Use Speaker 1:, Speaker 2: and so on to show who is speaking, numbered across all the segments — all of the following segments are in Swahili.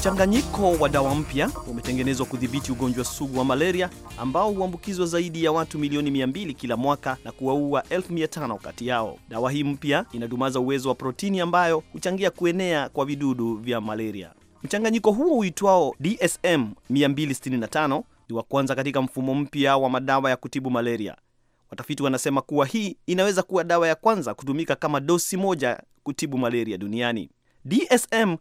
Speaker 1: Mchanganyiko wa dawa mpya umetengenezwa kudhibiti ugonjwa sugu wa malaria ambao huambukizwa zaidi ya watu milioni 200 kila mwaka na kuwaua 1500 kati yao. Dawa hii mpya inadumaza uwezo wa protini ambayo huchangia kuenea kwa vidudu vya malaria. Mchanganyiko huo uitwao DSM 265 ni wa kwanza katika mfumo mpya wa madawa ya kutibu malaria. Watafiti wanasema kuwa hii inaweza kuwa dawa ya kwanza kutumika kama dosi moja kutibu malaria duniani. DSM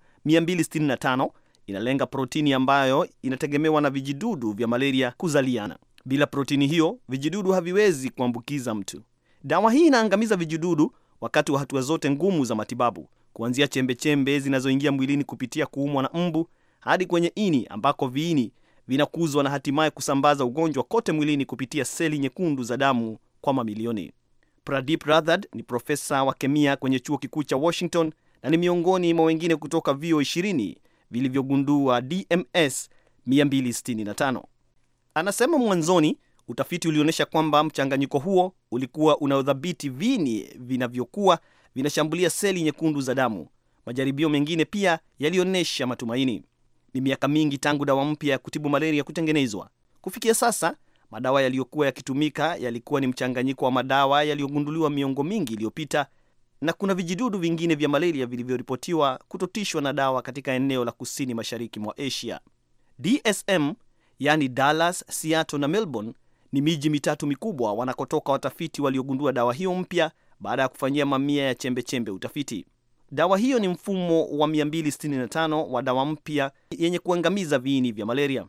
Speaker 1: inalenga protini ambayo inategemewa na vijidudu vya malaria kuzaliana. Bila protini hiyo, vijidudu haviwezi kuambukiza mtu. Dawa hii inaangamiza vijidudu wakati wa hatua zote ngumu za matibabu, kuanzia chembechembe zinazoingia mwilini kupitia kuumwa na mbu hadi kwenye ini ambako viini vinakuzwa na hatimaye kusambaza ugonjwa kote mwilini kupitia seli nyekundu za damu kwa mamilioni. Pradip Rathod ni profesa wa kemia kwenye chuo kikuu cha Washington na ni miongoni mwa wengine kutoka vio 20 vilivyogundua DMS 265. Anasema mwanzoni utafiti ulionyesha kwamba mchanganyiko huo ulikuwa unaodhibiti vini vinavyokuwa vinashambulia seli nyekundu za damu. Majaribio mengine pia yalionyesha matumaini. Ni miaka mingi tangu dawa mpya ya kutibu malaria kutengenezwa. Kufikia sasa, madawa yaliyokuwa yakitumika yalikuwa ni mchanganyiko wa madawa yaliyogunduliwa miongo mingi iliyopita na kuna vijidudu vingine vya malaria vilivyoripotiwa kutotishwa na dawa katika eneo la kusini mashariki mwa Asia. DSM yani Dallas, Seattle na Melbourne ni miji mitatu mikubwa wanakotoka watafiti waliogundua dawa hiyo mpya baada ya kufanyia mamia ya chembe chembe utafiti. Dawa hiyo ni mfumo wa 265 wa dawa mpya yenye kuangamiza viini vya malaria.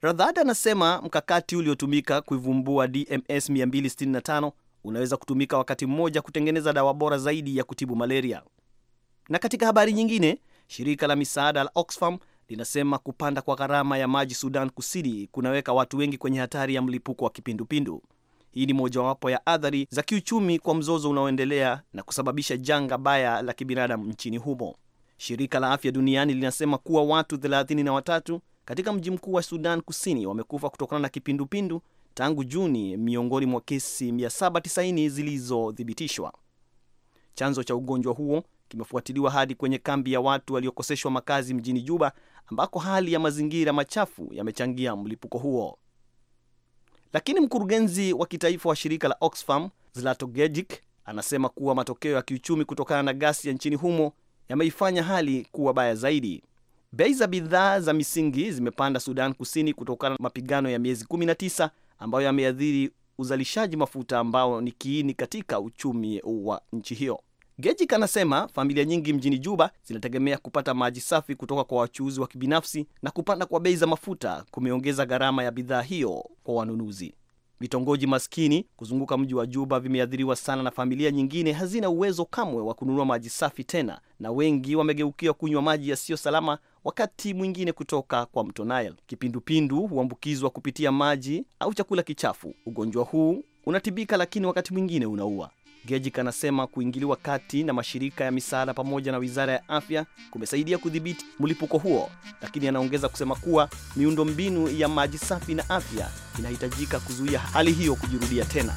Speaker 1: Radhada anasema mkakati uliotumika kuivumbua DMS 265 unaweza kutumika wakati mmoja kutengeneza dawa bora zaidi ya kutibu malaria. Na katika habari nyingine, shirika la misaada la Oxfam linasema kupanda kwa gharama ya maji Sudan Kusini kunaweka watu wengi kwenye hatari ya mlipuko wa kipindupindu. Hii ni mojawapo ya athari za kiuchumi kwa mzozo unaoendelea na kusababisha janga baya la kibinadamu nchini humo. Shirika la Afya Duniani linasema kuwa watu 33 katika mji mkuu wa Sudan Kusini wamekufa kutokana na kipindupindu tangu Juni miongoni mwa kesi 790 zilizothibitishwa. Chanzo cha ugonjwa huo kimefuatiliwa hadi kwenye kambi ya watu waliokoseshwa makazi mjini Juba, ambako hali ya mazingira machafu yamechangia mlipuko huo. Lakini mkurugenzi wa kitaifa wa shirika la Oxfam Zlatogejik anasema kuwa matokeo ya kiuchumi kutokana na ya nchini humo yameifanya hali kuwa baya zaidi. Bei za bidhaa za misingi zimepanda Sudan Kusini kutokana na mapigano ya miezi 19 ambayo yameathiri uzalishaji mafuta ambao ni kiini katika uchumi wa nchi hiyo. Gejik anasema familia nyingi mjini Juba zinategemea kupata maji safi kutoka kwa wachuuzi wa kibinafsi na kupanda kwa bei za mafuta kumeongeza gharama ya bidhaa hiyo kwa wanunuzi. Vitongoji maskini kuzunguka mji wa Juba vimeathiriwa sana, na familia nyingine hazina uwezo kamwe wa kununua maji safi tena, na wengi wamegeukia kunywa maji yasiyo salama, wakati mwingine kutoka kwa mto Nile. Kipindupindu huambukizwa kupitia maji au chakula kichafu. Ugonjwa huu unatibika, lakini wakati mwingine unaua. Gejik anasema kuingiliwa kati na mashirika ya misaada pamoja na wizara ya afya kumesaidia kudhibiti mlipuko huo, lakini anaongeza kusema kuwa miundo mbinu ya maji safi na afya inahitajika kuzuia hali hiyo kujirudia tena.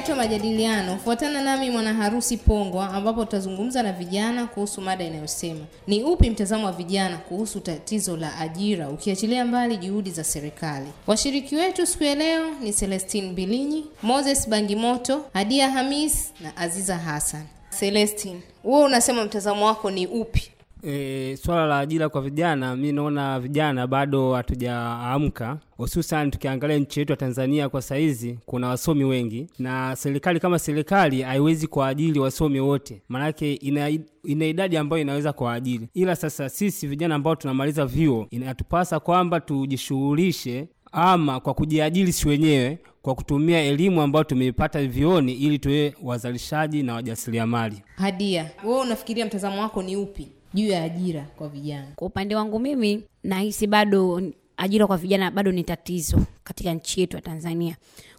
Speaker 2: yetu ya majadiliano, fuatana nami mwana harusi Pongwa, ambapo tutazungumza na vijana kuhusu mada inayosema ni upi mtazamo wa vijana kuhusu tatizo la ajira, ukiachilia mbali juhudi za serikali. Washiriki wetu siku ya leo ni Celestine Bilinyi, Moses Bangimoto, Hadia Hamis na Aziza Hassan. Celestine, wewe unasema mtazamo wako ni upi
Speaker 3: E, swala la ajira kwa vijana, mi naona vijana bado hatujaamka, hususan tukiangalia nchi yetu ya Tanzania kwa saizi, kuna wasomi wengi na serikali kama serikali haiwezi kuwaajiri wasomi wote, maanake ina, ina idadi ambayo inaweza kuwaajiri, ila sasa sisi vijana ambao tunamaliza vyuo inatupasa kwamba tujishughulishe ama kwa kujiajiri si wenyewe kwa kutumia elimu ambayo tumeipata vyuoni ili tuwe wazalishaji na wajasiriamali.
Speaker 2: Hadia, wewe unafikiria mtazamo wako ni upi? juu ya ajira kwa vijana? Kwa upande wangu mimi nahisi
Speaker 4: bado ajira kwa vijana bado ni tatizo katika nchi yetu ya Tanzania,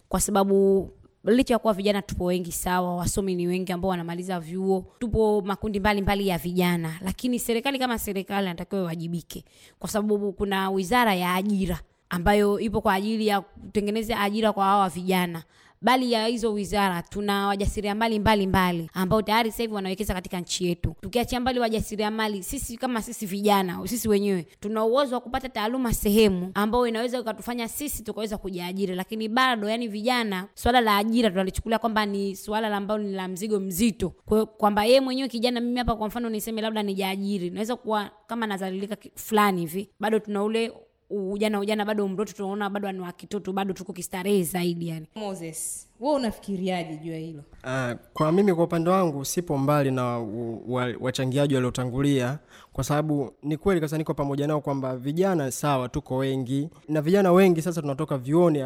Speaker 4: kwa sababu licha ya kuwa vijana tupo wengi sawa, wasomi ni wengi ambao wanamaliza vyuo, tupo makundi mbalimbali mbali ya vijana, lakini serikali kama serikali inatakiwa iwajibike, kwa sababu kuna wizara ya ajira ambayo ipo kwa ajili ya kutengeneza ajira kwa hawa vijana, bali ya hizo wizara tuna wajasiriamali mbalimbali ambao tayari sasa hivi wanawekeza katika nchi yetu. Tukiachia mbali wajasiriamali, sisi kama sisi vijana, sisi wenyewe tuna uwezo wa kupata taaluma sehemu ambayo inaweza ikatufanya sisi tukaweza kujiajiri, lakini bado yani vijana, swala la ajira tunalichukulia kwamba ni swala ambalo ni la mzigo mzito, kwamba yeye mwenyewe kijana, mimi hapa kwa mfano niseme labda nijiajiri, naweza kuwa kama nazalilika fulani hivi, bado tuna ule ujana ujana bado mroto tunaona bado ni wakitoto bado tuko kistarehe zaidi yani
Speaker 2: moses we unafikiriaje juu ya hilo
Speaker 5: uh, kwa mimi kwa upande wangu sipo mbali na wachangiaji waliotangulia kwa sababu ni kweli kasa niko pamoja nao kwamba vijana sawa tuko wengi na vijana wengi sasa tunatoka vioni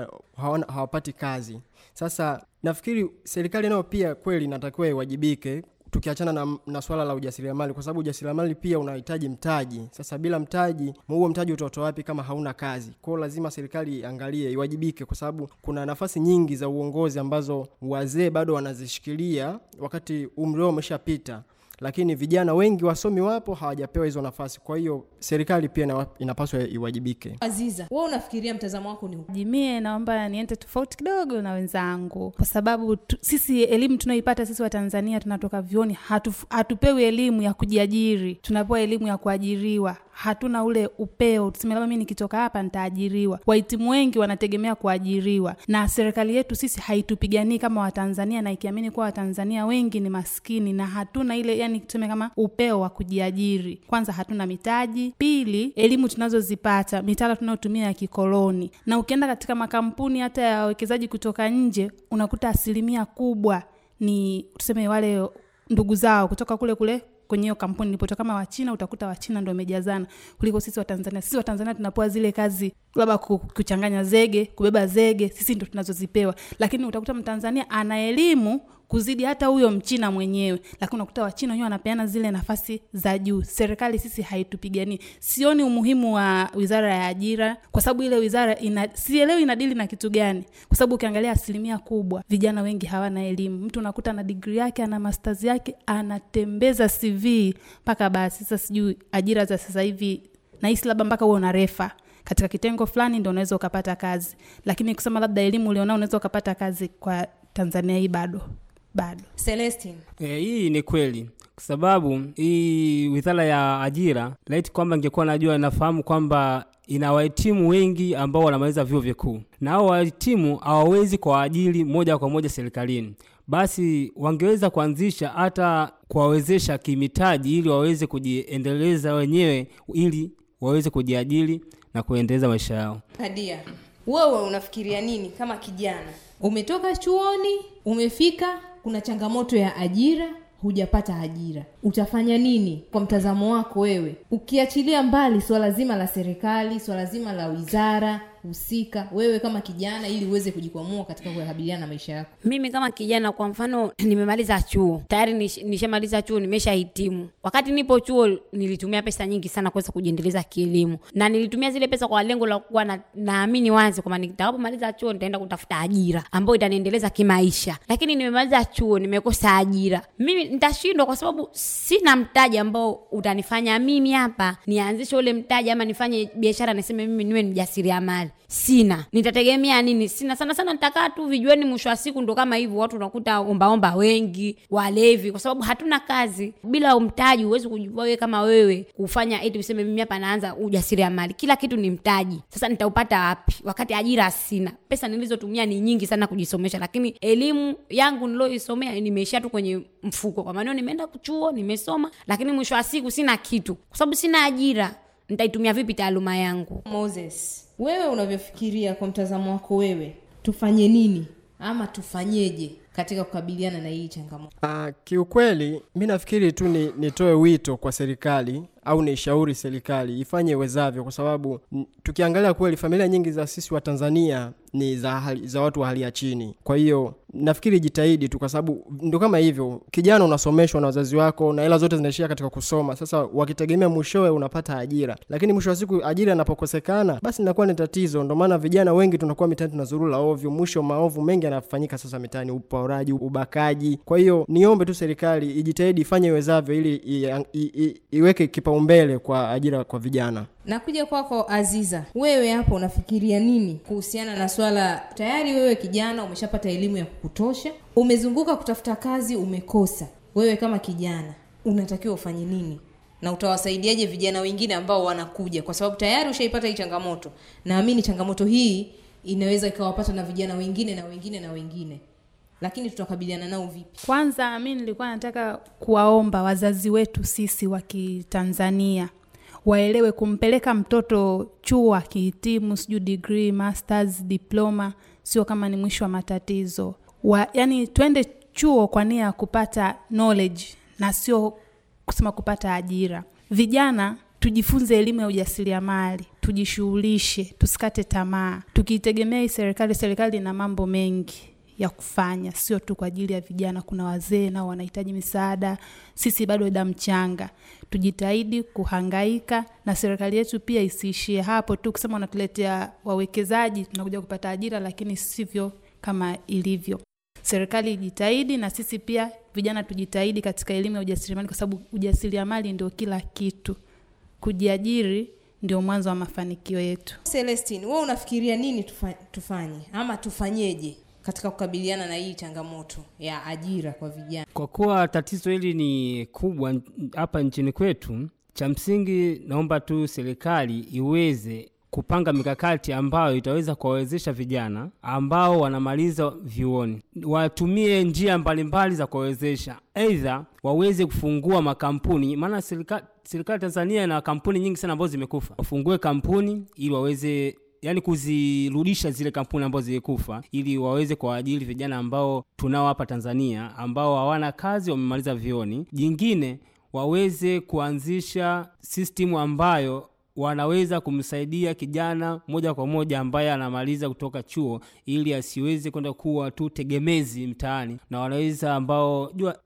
Speaker 5: hawapati kazi sasa nafikiri serikali nayo pia kweli inatakiwa iwajibike tukiachana na, na swala la ujasiriamali, kwa sababu ujasiriamali pia unahitaji mtaji. Sasa bila mtaji, huo mtaji utatoa wapi kama hauna kazi? Kwa lazima serikali iangalie, iwajibike, kwa sababu kuna nafasi nyingi za uongozi ambazo wazee bado wanazishikilia wakati umri wao umeshapita lakini vijana wengi wasomi wapo hawajapewa hizo nafasi. Kwa hiyo serikali pia inapaswa iwajibike.
Speaker 6: Aziza, wewe unafikiria, mtazamo wako ni jimie naomba niende tofauti kidogo na wenzangu, kwa sababu tu, sisi elimu tunaoipata sisi Watanzania tunatoka vyuoni hatu, hatupewi elimu ya kujiajiri, tunapewa elimu ya kuajiriwa hatuna ule upeo, tuseme labda mii nikitoka hapa nitaajiriwa. Wahitimu wengi wanategemea kuajiriwa, na serikali yetu sisi haitupiganii kama Watanzania, na ikiamini kuwa Watanzania wengi ni maskini na hatuna ile yani, tuseme kama upeo wa kujiajiri. Kwanza hatuna mitaji, pili elimu tunazozipata mitala tunayotumia ya kikoloni, na ukienda katika makampuni hata ya wawekezaji kutoka nje unakuta asilimia kubwa ni tuseme wale ndugu zao kutoka kule kule kwenye hiyo kampuni nilipotoka kama wachina utakuta wachina ndo wamejazana kuliko sisi watanzania sisi watanzania tunapewa zile kazi labda kuchanganya zege kubeba zege sisi ndo tunazozipewa lakini utakuta mtanzania ana elimu kuzidi hata huyo mchina mwenyewe, lakini unakuta wachina wenyewe wanapeana zile nafasi za juu. Serikali sisi haitupiganii. Sioni umuhimu wa wizara ya ajira, kwa sababu ile wizara ina, sielewi inadili na kitu gani, kwa sababu ukiangalia asilimia kubwa vijana wengi hawana elimu. Mtu unakuta na degree yake ana masters yake anatembeza CV mpaka basi. Sasa sijui ajira za sasa hivi nahisi labda mpaka huwe refa katika kitengo fulani ndo unaweza ukapata kazi, lakini kusema labda elimu ulionao unaweza ukapata kazi kwa Tanzania hii bado bado.
Speaker 2: Celestine.
Speaker 3: E, hii ni kweli kwa sababu hii wizara ya ajira, laiti kwamba ingekuwa najua, inafahamu kwamba ina wahitimu wengi ambao wanamaliza vyuo vikuu na hao wahitimu hawawezi kwa ajili moja kwa moja serikalini, basi wangeweza kuanzisha hata kuwawezesha kimitaji ili waweze kujiendeleza wenyewe ili waweze kujiajiri na kuendeleza maisha yao.
Speaker 2: Hadia, wewe unafikiria nini kama kijana umetoka chuoni umefika kuna changamoto ya ajira hujapata ajira utafanya nini kwa mtazamo wako wewe ukiachilia mbali swala zima la serikali swala zima la wizara husika wewe kama kijana ili uweze kujikwamua katika kuyakabiliana na maisha yako
Speaker 4: mimi kama kijana kwa mfano nimemaliza chuo tayari nishamaliza chuo nimeshahitimu wakati nipo chuo nilitumia pesa nyingi sana kuweza kujiendeleza kielimu na nilitumia zile pesa kwa lengo la kuwa naamini na, wazi kwamba nitakapomaliza chuo nitaenda kutafuta ajira ambayo itaniendeleza kimaisha lakini nimemaliza chuo nimekosa ajira mimi nitashindwa kwa sababu sina mtaji ambao utanifanya mimi hapa nianzishe ule mtaji ama nifanye biashara niseme mimi niwe mjasiriamali sina nitategemea nini? Sina sana sana, nitakaa tu vijueni. Mwisho wa siku ndo kama hivyo, watu unakuta ombaomba wengi, walevi, kwa sababu hatuna kazi. Bila mtaji huwezi kujua wewe kama wewe kufanya eti useme mimi hapa naanza ujasiriamali. Kila kitu ni mtaji. Sasa nitaupata wapi wakati ajira sina? Pesa nilizotumia ni nyingi sana kujisomesha, lakini elimu yangu niloisomea nimeishia tu kwenye mfuko, kwa maana nimeenda kuchuo nimesoma, lakini mwisho wa siku sina kitu, kwa sababu sina ajira nitaitumia vipi taaluma yangu
Speaker 2: moses wewe unavyofikiria kwa mtazamo wako wewe tufanye nini ama tufanyeje katika kukabiliana na hii changamoto
Speaker 5: ah, kiukweli mi nafikiri tu ni, nitoe wito kwa serikali au naishauri serikali ifanye iwezavyo, kwa sababu tukiangalia kweli familia nyingi za sisi wa Tanzania ni za, hali, za watu wa hali ya chini. Kwa hiyo nafikiri jitahidi tu, kwa sababu ndo kama hivyo, kijana unasomeshwa na wazazi wako na hela zote zinaishia katika kusoma. Sasa wakitegemea mwishowe unapata ajira, lakini mwisho wa siku ajira inapokosekana, basi inakuwa ni tatizo. Ndo maana vijana wengi tunakuwa mitaani tunazurula ovyo, mwisho maovu mengi yanafanyika sasa mitaani, uporaji, ubakaji. Kwa hiyo niombe tu serikali ijitahidi, ifanye iwezavyo ili iweke kipa kipaumbele kwa ajira kwa vijana.
Speaker 2: Nakuja kwako kwa Aziza, wewe hapo unafikiria nini kuhusiana na swala? Tayari wewe kijana umeshapata elimu ya kutosha, umezunguka kutafuta kazi, umekosa. Wewe kama kijana unatakiwa ufanye nini na utawasaidiaje vijana wengine ambao wanakuja? Kwa sababu tayari ushaipata hii changamoto, naamini changamoto hii inaweza ikawapata na vijana wengine na wengine na wengine lakini tutakabiliana nao vipi? Kwanza mi nilikuwa nataka
Speaker 6: kuwaomba wazazi wetu sisi wa Kitanzania waelewe kumpeleka mtoto chuo akihitimu sijuu degree, masters, diploma sio kama ni mwisho wa matatizo wa, yani twende chuo kwa nia ya kupata knowledge na sio kusema kupata ajira. Vijana tujifunze elimu ya ujasiriamali, tujishughulishe, tusikate tamaa. Tukiitegemea hii serikali, serikali ina mambo mengi ya kufanya, sio tu kwa ajili ya vijana. Kuna wazee nao wanahitaji misaada, sisi bado damu changa. Tujitahidi kuhangaika, na serikali yetu pia isiishie hapo tu kusema wanatuletea wawekezaji, tunakuja kupata ajira, lakini sivyo kama ilivyo. Serikali ijitahidi na sisi pia vijana tujitahidi katika elimu ya ujasiriamali, kwa sababu ujasiriamali ndio kila kitu. Kujiajiri ndio mwanzo wa mafanikio
Speaker 2: yetu. celestin wewe unafikiria nini tufanye ama tufanyeje? katika kukabiliana na hii changamoto ya ajira kwa vijana.
Speaker 3: Kwa kuwa tatizo hili ni kubwa hapa nchini kwetu, cha msingi naomba tu serikali iweze kupanga mikakati ambayo itaweza kuwawezesha vijana ambao wanamaliza vyuoni, watumie njia mbalimbali za kuwawezesha, aidha waweze kufungua makampuni, maana serikali Tanzania ina kampuni nyingi sana ambazo zimekufa. Wafungue kampuni ili waweze yani kuzirudisha zile kampuni ambazo zilikufa ili waweze kuwaajiri vijana ambao tunao hapa Tanzania ambao hawana kazi, wamemaliza vioni. Jingine waweze kuanzisha sistimu ambayo wanaweza kumsaidia kijana moja kwa moja ambaye anamaliza kutoka chuo ili asiweze kwenda kuwa tu tegemezi mtaani, na wanaweza ambao jua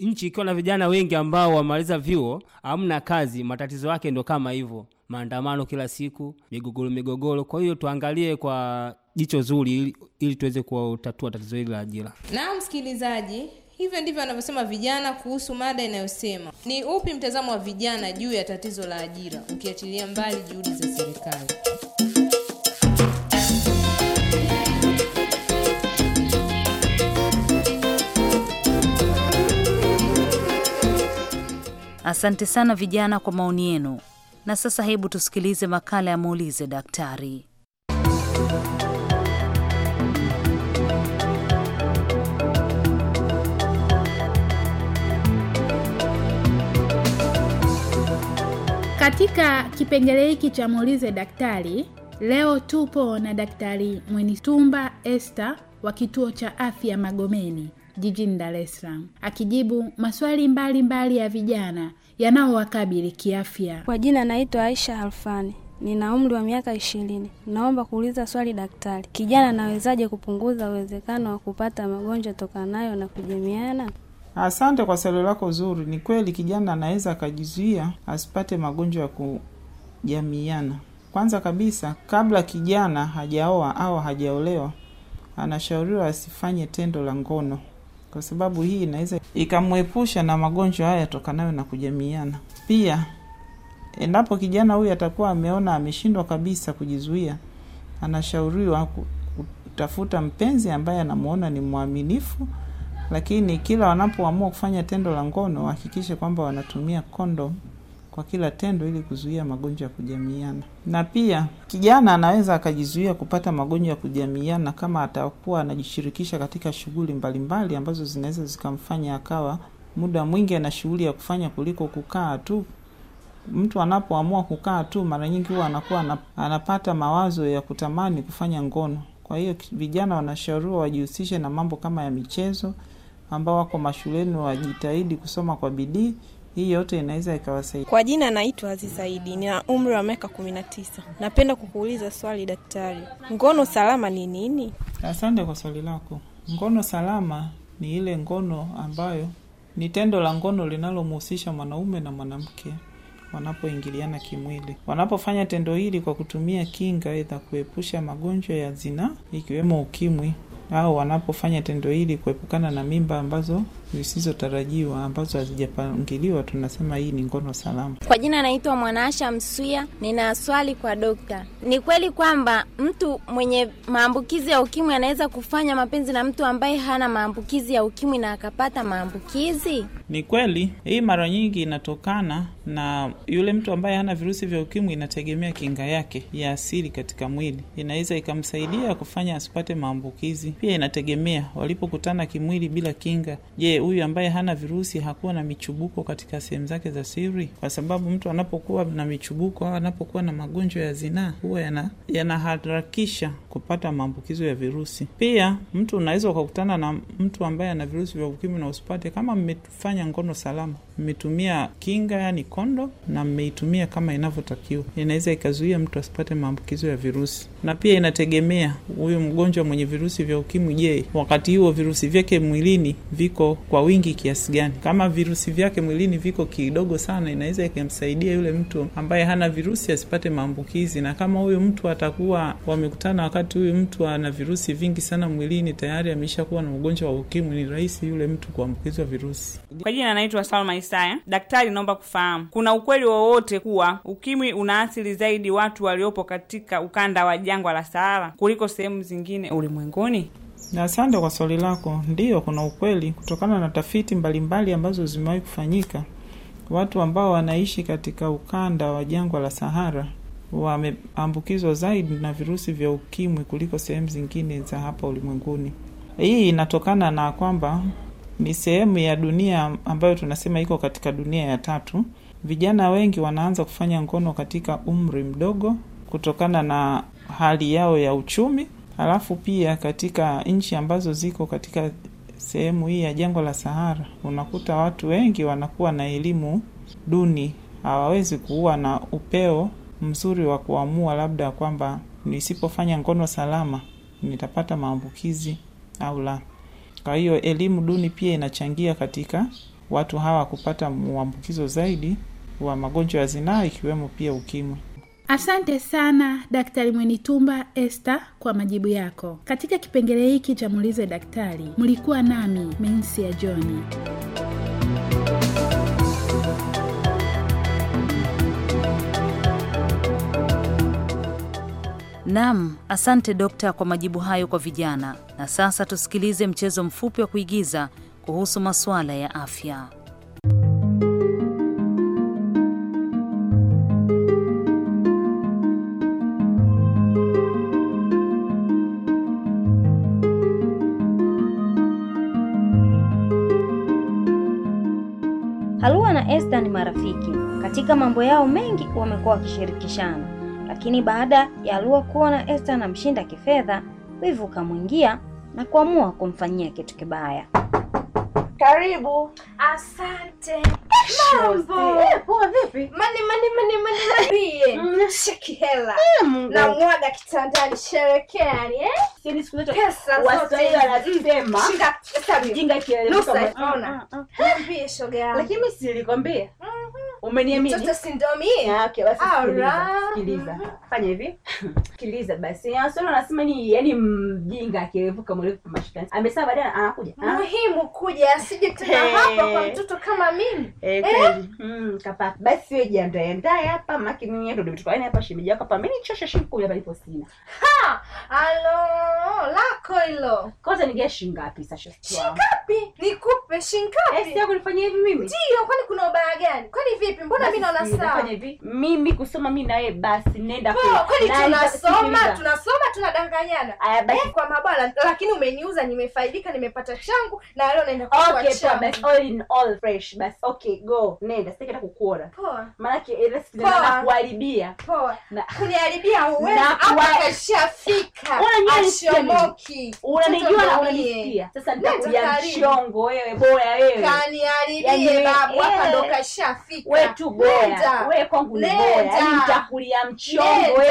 Speaker 3: nchi ikiwa na vijana wengi ambao wamaliza vyuo hamna kazi, matatizo yake ndo kama hivyo maandamano kila siku, migogoro migogoro. Kwa hiyo tuangalie kwa jicho zuri ili, ili tuweze kutatua tatizo hili la ajira.
Speaker 2: Na msikilizaji, hivyo ndivyo anavyosema vijana kuhusu mada inayosema ni upi mtazamo wa vijana juu ya tatizo la ajira, ukiachilia mbali juhudi za
Speaker 3: serikali.
Speaker 7: Asante sana vijana kwa maoni yenu. Na sasa hebu tusikilize makala ya muulize daktari.
Speaker 6: Katika kipengele hiki cha muulize daktari, leo tupo na Daktari Mwenitumba Esther wa kituo cha afya Magomeni jijini Dar es Salaam, akijibu maswali mbalimbali mbali ya vijana yanaowakabili kiafya.
Speaker 8: Kwa jina naitwa Aisha Alfani, nina umri wa miaka ishirini. Naomba kuuliza swali daktari, kijana anawezaje kupunguza uwezekano wa kupata magonjwa tokanayo na kujamiana?
Speaker 9: Asante kwa swali lako zuri. Ni kweli kijana anaweza akajizuia asipate magonjwa ya kujamiana. Kwanza kabisa, kabla kijana hajaoa au hajaolewa, anashauriwa asifanye tendo la ngono kwa sababu hii inaweza ikamwepusha na magonjwa haya yatokanayo na kujamiana. Pia endapo kijana huyu atakuwa ameona ameshindwa kabisa kujizuia, anashauriwa kutafuta mpenzi ambaye anamuona ni mwaminifu, lakini kila wanapoamua kufanya tendo la ngono wahakikishe kwamba wanatumia kondom kwa kila tendo ili kuzuia magonjwa ya kujamiiana. Na pia kijana anaweza akajizuia kupata magonjwa ya kujamiiana kama atakuwa anajishirikisha katika shughuli mbalimbali ambazo zinaweza zikamfanya akawa muda mwingi ana shughuli ya kufanya kuliko kukaa tu. Mtu anapoamua kukaa tu, mara nyingi huwa anakuwa anapata mawazo ya kutamani kufanya ngono. Kwa hiyo vijana wanashauriwa wajihusishe na mambo kama ya michezo, ambao wako mashuleni wajitahidi kusoma kwa bidii hii yote inaweza ikawasaidia.
Speaker 6: Kwa jina naitwa Aziz Saidi, nina umri wa miaka kumi na tisa. Napenda kukuuliza swali daktari, ngono salama ni nini?
Speaker 9: Asante kwa swali lako. Ngono salama ni ile ngono ambayo ni tendo la ngono linalomhusisha mwanaume na mwanamke wanapoingiliana kimwili. Wanapofanya tendo hili kwa kutumia kinga, aidha kuepusha magonjwa ya zinaa ikiwemo ukimwi, au wanapofanya tendo hili kuepukana na mimba ambazo zisizotarajiwa ambazo hazijapangiliwa, tunasema hii ni ngono salama.
Speaker 8: Kwa jina anaitwa Mwanaasha Msuya. Nina swali kwa dokta, ni kweli kwamba mtu mwenye maambukizi ya ukimwi anaweza kufanya mapenzi na mtu ambaye hana maambukizi ya ukimwi na akapata maambukizi?
Speaker 9: Ni kweli, hii mara nyingi inatokana na yule mtu ambaye hana virusi vya ukimwi, inategemea kinga yake ya asili katika mwili, inaweza ikamsaidia kufanya asipate maambukizi. Pia inategemea walipokutana kimwili bila kinga, je huyu ambaye hana virusi hakuwa na michubuko katika sehemu zake za siri? Kwa sababu mtu anapokuwa na michubuko au anapokuwa na magonjwa ya zinaa huwa yanaharakisha yana kupata maambukizo ya virusi. Pia mtu unaweza ukakutana na mtu ambaye ana virusi vya ukimwi na usipate, kama mmefanya ngono salama, mmetumia kinga, yani kondo, na mmeitumia kama inavyotakiwa, inaweza ikazuia mtu asipate maambukizo ya virusi. Na pia inategemea huyu mgonjwa mwenye virusi vya ukimwi, je, wakati huo virusi vyake mwilini viko kwa wingi kiasi gani. Kama virusi vyake mwilini viko kidogo sana, inaweza ikamsaidia yule mtu ambaye hana virusi asipate maambukizi, na kama huyu mtu atakuwa wamekutana wakati huyu mtu ana virusi vingi sana mwilini, tayari ameisha kuwa na ugonjwa wa ukimwi, ni rahisi yule mtu kuambukizwa virusi.
Speaker 10: Kwa jina anaitwa Salma Isaya. Daktari, naomba kufahamu kuna ukweli wowote kuwa ukimwi unaathiri zaidi watu waliopo katika ukanda wa jangwa la Sahara kuliko sehemu zingine
Speaker 9: ulimwenguni? Asante kwa swali lako. Ndiyo, kuna ukweli kutokana na tafiti mbalimbali ambazo zimewahi kufanyika. Watu ambao wanaishi katika ukanda wa jangwa la Sahara wameambukizwa zaidi na virusi vya ukimwi kuliko sehemu zingine za hapa ulimwenguni. Hii inatokana na kwamba ni sehemu ya dunia ambayo tunasema iko katika dunia ya tatu. Vijana wengi wanaanza kufanya ngono katika umri mdogo kutokana na hali yao ya uchumi Halafu pia katika nchi ambazo ziko katika sehemu hii ya jangwa la Sahara, unakuta watu wengi wanakuwa na elimu duni, hawawezi kuwa na upeo mzuri wa kuamua labda kwamba nisipofanya ngono salama nitapata maambukizi au la. Kwa hiyo elimu duni pia inachangia katika watu hawa kupata muambukizo zaidi wa magonjwa ya zinaa ikiwemo pia ukimwi.
Speaker 6: Asante sana Daktari Mwenitumba este kwa majibu yako. Katika kipengele hiki cha Muulize Daktari mlikuwa nami mensi ya Johni.
Speaker 7: nam asante dokta kwa majibu hayo kwa vijana. Na sasa tusikilize mchezo mfupi wa kuigiza kuhusu masuala ya afya.
Speaker 2: Esther ni marafiki, katika mambo yao mengi wamekuwa wakishirikishana, lakini baada ya lua kuona Esther anamshinda kifedha, wivu ukamwingia na kuamua kumfanyia kitu kibaya.
Speaker 10: Karibu. Asante.
Speaker 2: Eh, poa vipi? Mani mani mani mani shiki hela na eh,
Speaker 10: mwaga kitandani, sherekea eh? ni eh, yani siku zote pesa waswahili wanasema shinga pesa jinga kieleweka. Nusa unaona, niambie ah, ah, ah. shoga lakini mimi silikwambia hmm umeniamini mtoto si ndo mimi ah, okay basi sikiliza fanya hivi sikiliza basi ah, sasa anasema ni yani mjinga akivuka mrefu kwa mashitani amesema baadaye anakuja ah? muhimu
Speaker 2: kuja asije tena hapa kwa mtoto
Speaker 10: kama mimi eh kweli mm kapa basi wewe jiandae ndaye hapa maki mimi ndo ndo mtoto hapa shimeji yako hapa mimi nichosha shiku hapa ipo sina ha alo lako hilo kwanza nige shingapi sasa shingapi nikupe shingapi eh sio kunifanyia hivi mimi ndio kwani kuna ubaya gani kwani hivi vipi? Mbona mimi naona sawa. Mimi kusoma mi na wewe basi nenda tunasoma,
Speaker 2: tunasoma tunadanganyana. Aya basi eh, kwa mabala lakini umeniuza nimefaidika nimepata changu na leo naenda okay,
Speaker 10: all in all fresh. Basi okay, go. Nenda sitaki hata kukuona. Poa. Maana yake eh, Poa. Kuniharibia wewe Ashomoki. Unanijua na unanisikia.
Speaker 4: Sasa nitakuja mshongo wewe bora wewe. Kaniharibie babu hapa ndo eh.
Speaker 10: kashafika wewe tu bora, wewe kwangu ni bora, yaani nitakulia mchongo wewe.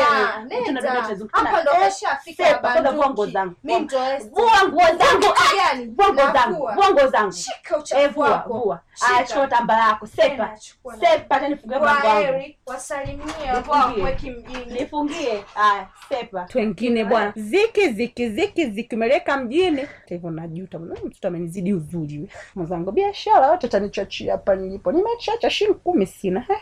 Speaker 10: hapo, ndo kashafika hapa. ndo vua nguo zangu, mimi ndo ah! vua nguo zangu, vua nguo zangu, vua nguo zangu, shika uchafu eh, wako, vua acho ah, tamba lako, sepa sepa, tena nifungie mlango wangu, wasalimie wao weki mjini, nifungie. Haya, ah, sepa twengine bwana, eh. ziki ziki ziki zikimeleka mjini. Hivyo najuta mtoto amenizidi uzuri, mwenzangu biashara yote tanichachia hapa nilipo, nimechacha shilingi kumi mimi sina nyama,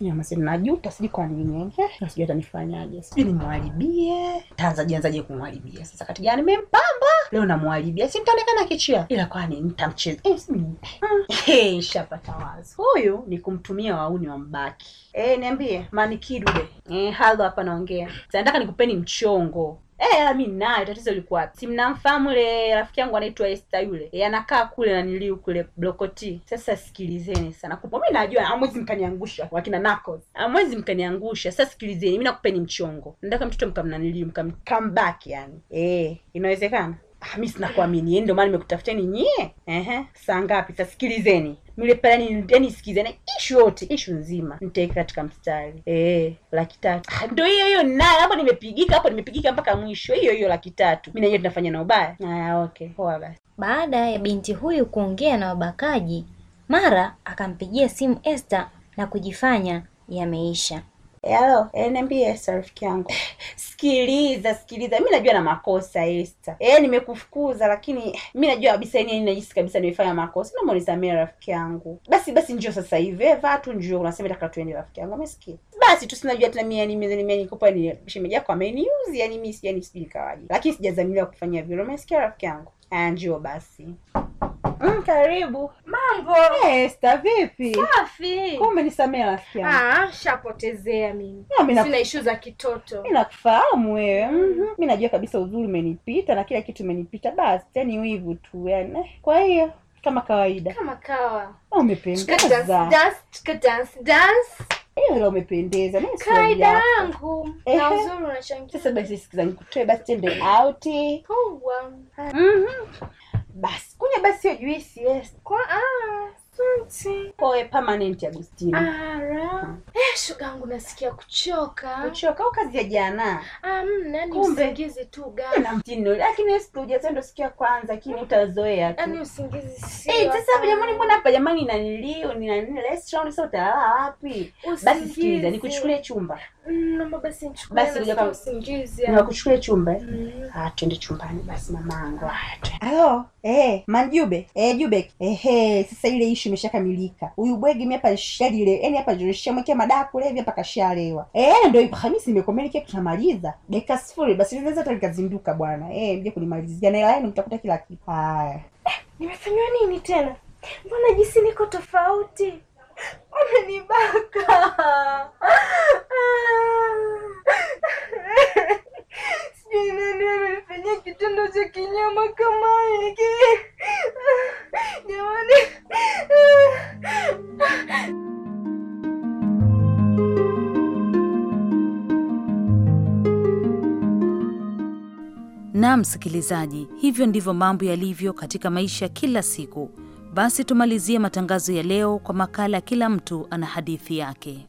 Speaker 10: eh, hmm. sinajuta, sijui kwa nini, eh, eh, sijui atanifanyaje, sijui nimwharibie. Taanzajianzaje kumwaribia sasa? Kati gani nimempamba leo, namwaribia si mtaonekana kichia, ila kwani nitamcheza eh? Si hey, hmm. nishapata wazi huyu ni kumtumia wauni wa mbaki eh. Niambie manikidu eh, halo hapa naongea, nataka nikupeni mchongo Eh, mimi naye tatizo liko wapi? Si mnamfahamu yule rafiki yangu anaitwa Esther yule. E, anakaa kule na niliu kule Blokoti. Sasa sikilizeni sana. Kupo mimi najua amwezi mkaniangusha wakina nako. Amwezi mkaniangusha. Sasa sikilizeni, mimi nakupeni mchongo. Nataka mtoto mkamnaniliu mkam back yani. Eh, inawezekana? Ah, mimi sinakuamini. Yaani ndio maana nimekutafuteni nyie. Ehe, saa ngapi? Sasa sikilizeni yani nisikize na ishu yote ishu nzima nitaweka katika mstari eh, laki tatu ah, ndo hiyo hiyo nayo hapo, nimepigika hapo, nimepigika mpaka mwisho, hiyo hiyo laki tatu. Mi najua tunafanya na ubaya. Haya, ah, okay, poa basi. Baada ya binti huyu kuongea na wabakaji, mara akampigia simu Esther na kujifanya
Speaker 2: yameisha.
Speaker 10: Hello, eh, niambie rafiki yangu. Sikiliza, sikiliza. Mimi najua na makosa Esther. Eh, eh, nimekufukuza lakini mimi najua kabisa yani najisi kabisa nimefanya makosa. Naomba unisamehe rafiki yangu. Basi basi njoo sasa hivi. Eh, vaa tu njoo. Unasema nataka tuende rafiki yangu. Umesikia? Basi tu sinajua tena mimi yani mimi mimi nikopa ni shemeji yako ameniuzi yani mimi yani sijui kawaje. Lakini sijazamiliwa kufanya vile. Umesikia rafiki yangu? Ah, njoo basi. Mm, karibu. Mambo. Esther, vipi? Safi. Kumbe nisamea rafiki yangu. Ah, shapotezea mimi. Ah, Mina... Sina issue za kitoto. Mimi nakufahamu wewe. Mm. Mhm. Mm mimi najua kabisa uzuri umenipita na kila kitu umenipita basi. Yaani wivu tu yani. Kwa hiyo kama kawaida.
Speaker 2: Kama kawa.
Speaker 10: Ah, umependeza. Dance, dance, tuka dance, dance. Hilo eh, umependeza. Mimi sio kaida
Speaker 2: yangu. Na uzuri
Speaker 10: unachangia. Sasa basi sikizani kutoe basi tende out.
Speaker 2: Poa. Mhm
Speaker 10: basi kunywa basi hiyo juisi yes. Kwa ah, asante. Poe permanent Agustino. Ara. Ah. Eh, shogangu nasikia kuchoka. Kuchoka au kazi ya jana? Hamna, ah, mm, ni usingizi tu gani. Na mtindo lakini wewe sikuja ndo sikia kwanza, lakini utazoea tu. Yaani usingizi sio. Eh, sasa hapa jamani, mbona hapa jamani inanilio, ni nani restaurant sasa utalala wapi? Basi sikiliza, nikuchukulie chumba. Naomba mm, basi nichukue. Basi kuja kama
Speaker 5: usingizi. Nakuchukulie
Speaker 10: chumba. Eh? Mm. Ah, twende chumbani basi mamangu. Ah, Hello eh Manjube eh Jube ehe, sasa ile issue imeshakamilika. Huyu bwegi mimi hapa nishadile, yani hapa jirisha madaa kulevya hapa kashalewa. Eh ndio Hamisi imekomelekea tutamaliza. Dakika sifuri basi naweza hata nikazinduka bwana. Eh mje kunimalizia na hela mtakuta kila kitu. Haya. Ah, Nimefanywa nini tena? Mbona jisi niko tofauti?
Speaker 2: ah nani amenifanyia kitendo cha kinyama kama hiki jamani.
Speaker 7: Na msikilizaji, hivyo ndivyo mambo yalivyo katika maisha kila siku. Basi tumalizie matangazo ya leo kwa makala, kila mtu ana hadithi yake.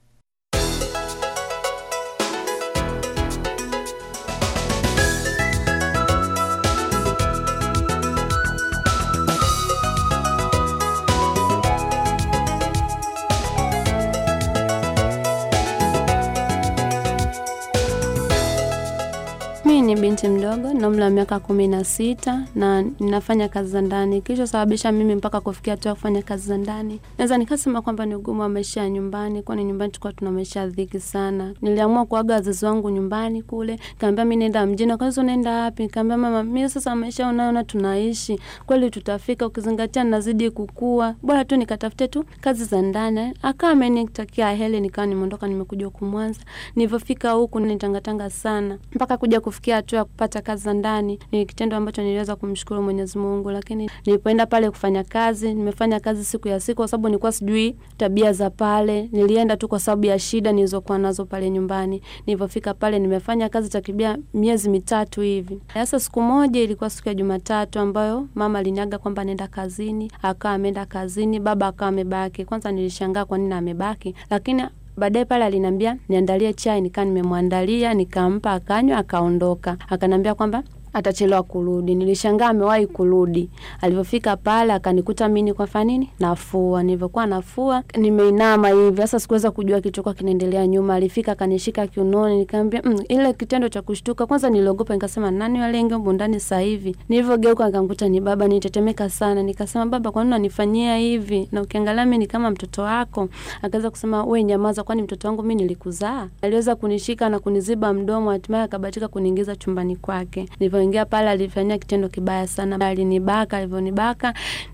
Speaker 8: na umri wa miaka kumi na sita na ninafanya kazi za ndani, kilichosababisha mimi mpaka kufikia hatua ya kufanya kazi za ndani, naweza nikasema kwamba ni ugumu wa maisha ya nyumbani, kwani nyumbani tulikuwa tuna maisha dhiki sana. Niliamua kuaga wazazi wangu nyumbani kule, kaambia mi naenda mjini. Kwa hizo naenda wapi? Kaambia mama, mi sasa maisha unayoona tunaishi kweli tutafika, ukizingatia nazidi kukua, bora tu nikatafute tu kazi za ndani. Akaa amenitakia heli, nikawa nimeondoka, nimekuja huku Mwanza. Nilivyofika huku nitangatanga sana mpaka kuja kufikia hatua ya kupata kazi za ndani ni kitendo ambacho niliweza kumshukuru Mwenyezi Mungu, lakini nilipoenda pale kufanya kazi, nimefanya kazi siku ya siku, kwa sababu nilikuwa sijui tabia za pale. Nilienda tu kwa sababu ya shida nilizokuwa nazo pale nyumbani. Nilipofika pale, nimefanya kazi takribia miezi mitatu hivi. Sasa siku moja ilikuwa siku ya Jumatatu ambayo mama aliniaga kwamba anaenda kazini, akawa ameenda kazini, baba akawa amebaki. Kwanza nilishangaa kwa nini amebaki, lakini Baadaye pale aliniambia niandalie chai, nikaa nimemwandalia, nikampa akanywa, akaondoka. akanambia kwamba atachelewa kurudi. Nilishangaa amewahi kurudi. Alivyofika pale akanikuta mimi nafua nini, nafua. Nilivyokuwa nafua nimeinama hivi, sasa sikuweza kujua kilichokuwa kinaendelea nyuma. Alifika akanishika kiunoni, nikamwambia mm, ile kitendo cha kushtuka kwanza, niliogopa nikasema, nani wale ingi ndani sasa hivi? Nilivyogeuka nikamkuta ni baba, nitetemeka sana. Nikasema, baba, kwa nini unanifanyia hivi? Na ukiangalia mimi ni kama mtoto wako. Akaweza kusema, we nyamaza, kwani mtoto wangu mimi nilikuzaa? Aliweza kunishika na kuniziba mdomo, hatimaye akabatika kuniingiza chumbani kwake. Nilivyo alipoingia pale alifanyia kitendo kibaya sana, alinibaka, alivyonibaka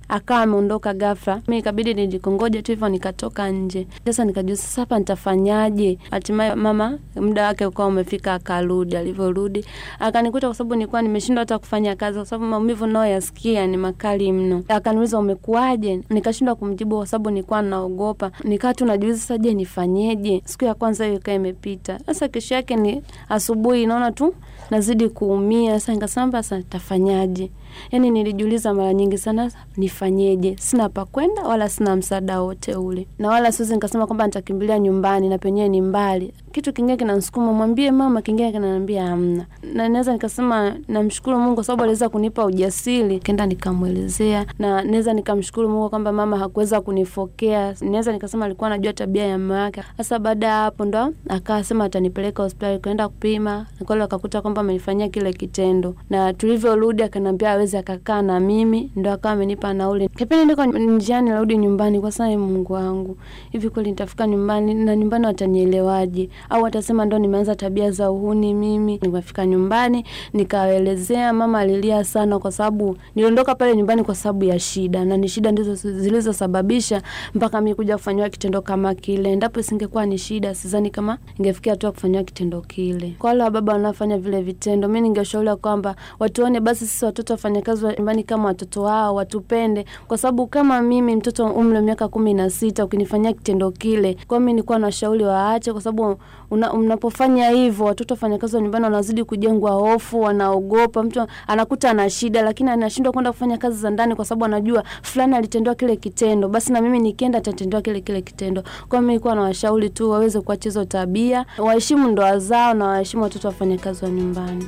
Speaker 8: akawa ameondoka ghafla. Mimi ikabidi nijikongoje tu hivyo, nikatoka nje. Sasa nikajua sasa hapa nitafanyaje? Hatimaye mama muda wake ukawa umefika, akarudi. Alivyorudi akanikuta, kwa sababu nilikuwa nimeshindwa hata kufanya kazi, kwa sababu maumivu nao yasikia ni makali mno. Akaniuliza umekuaje? Nikashindwa kumjibu kwa sababu nilikuwa naogopa. Nikaa tu najiuliza sasa, je, nifanyeje? Siku ya kwanza hiyo ikawa imepita. Sasa kesho yake ni asubuhi, naona tu nazidi kuumia. Sasa nikasema sasa tafanyaje? Yaani nilijiuliza mara nyingi sana, nifanyeje? Sina pa kwenda wala sina msaada wote ule, na wala siwezi nikasema kwamba nitakimbilia nyumbani na penyewe ni mbali kitu kingine kinanisukuma, mwambie mama, kingine kinaniambia hamna, na naweza nikasema namshukuru Mungu kwa sababu aliweza kunipa ujasiri, kenda nikamwelezea, na naweza nikamshukuru Mungu kwamba mama hakuweza kunifokea. Naweza nikasema alikuwa anajua tabia ya mama yake. Sasa baada ya hapo ndo akasema atanipeleka hospitali kwenda kupima, na kweli akakuta kwamba amenifanyia kile kitendo, na tulivyorudi akaniambia aweze akakaa na mimi, ndo akawa amenipa nauli. Kipindi ndiko njiani narudi nyumbani kwa sababu Mungu wangu, hivi kweli nitafika nyumbani na nyumbani watanielewaje? au atasema ndo nimeanza tabia za uhuni mimi. Nimefika nyumbani nikaelezea, mama alilia sana, kwa sababu niliondoka pale nyumbani kwa sababu ya shida, na ni shida ndizo zilizosababisha mpaka mimi kuja kufanywa kitendo kama kile. Endapo isingekuwa ni shida, sidhani kama ingefikia hatua kufanywa kitendo kile. Kwa wale wababa wanaofanya vile vitendo, mimi ningeshauri kwamba watuone basi sisi watoto wafanyakazi wa nyumbani kama watoto wao, watupende, kwa sababu kama mimi mtoto umri wa miaka kumi na sita ukinifanyia kitendo kile, kwa mimi nilikuwa na shauri waache, kwa sababu una, mnapofanya hivyo watoto wafanyakazi wa nyumbani wanazidi kujengwa hofu, wanaogopa. Mtu anakuta ana shida, lakini anashindwa kwenda kufanya kazi za ndani kwa sababu anajua fulani alitendewa kile kitendo, basi na mimi nikienda atatendewa kile kile kitendo. Kwa hiyo mimi na washauri tu waweze kuacha hizo tabia, waheshimu ndoa zao na waheshimu watoto wafanya kazi wa nyumbani.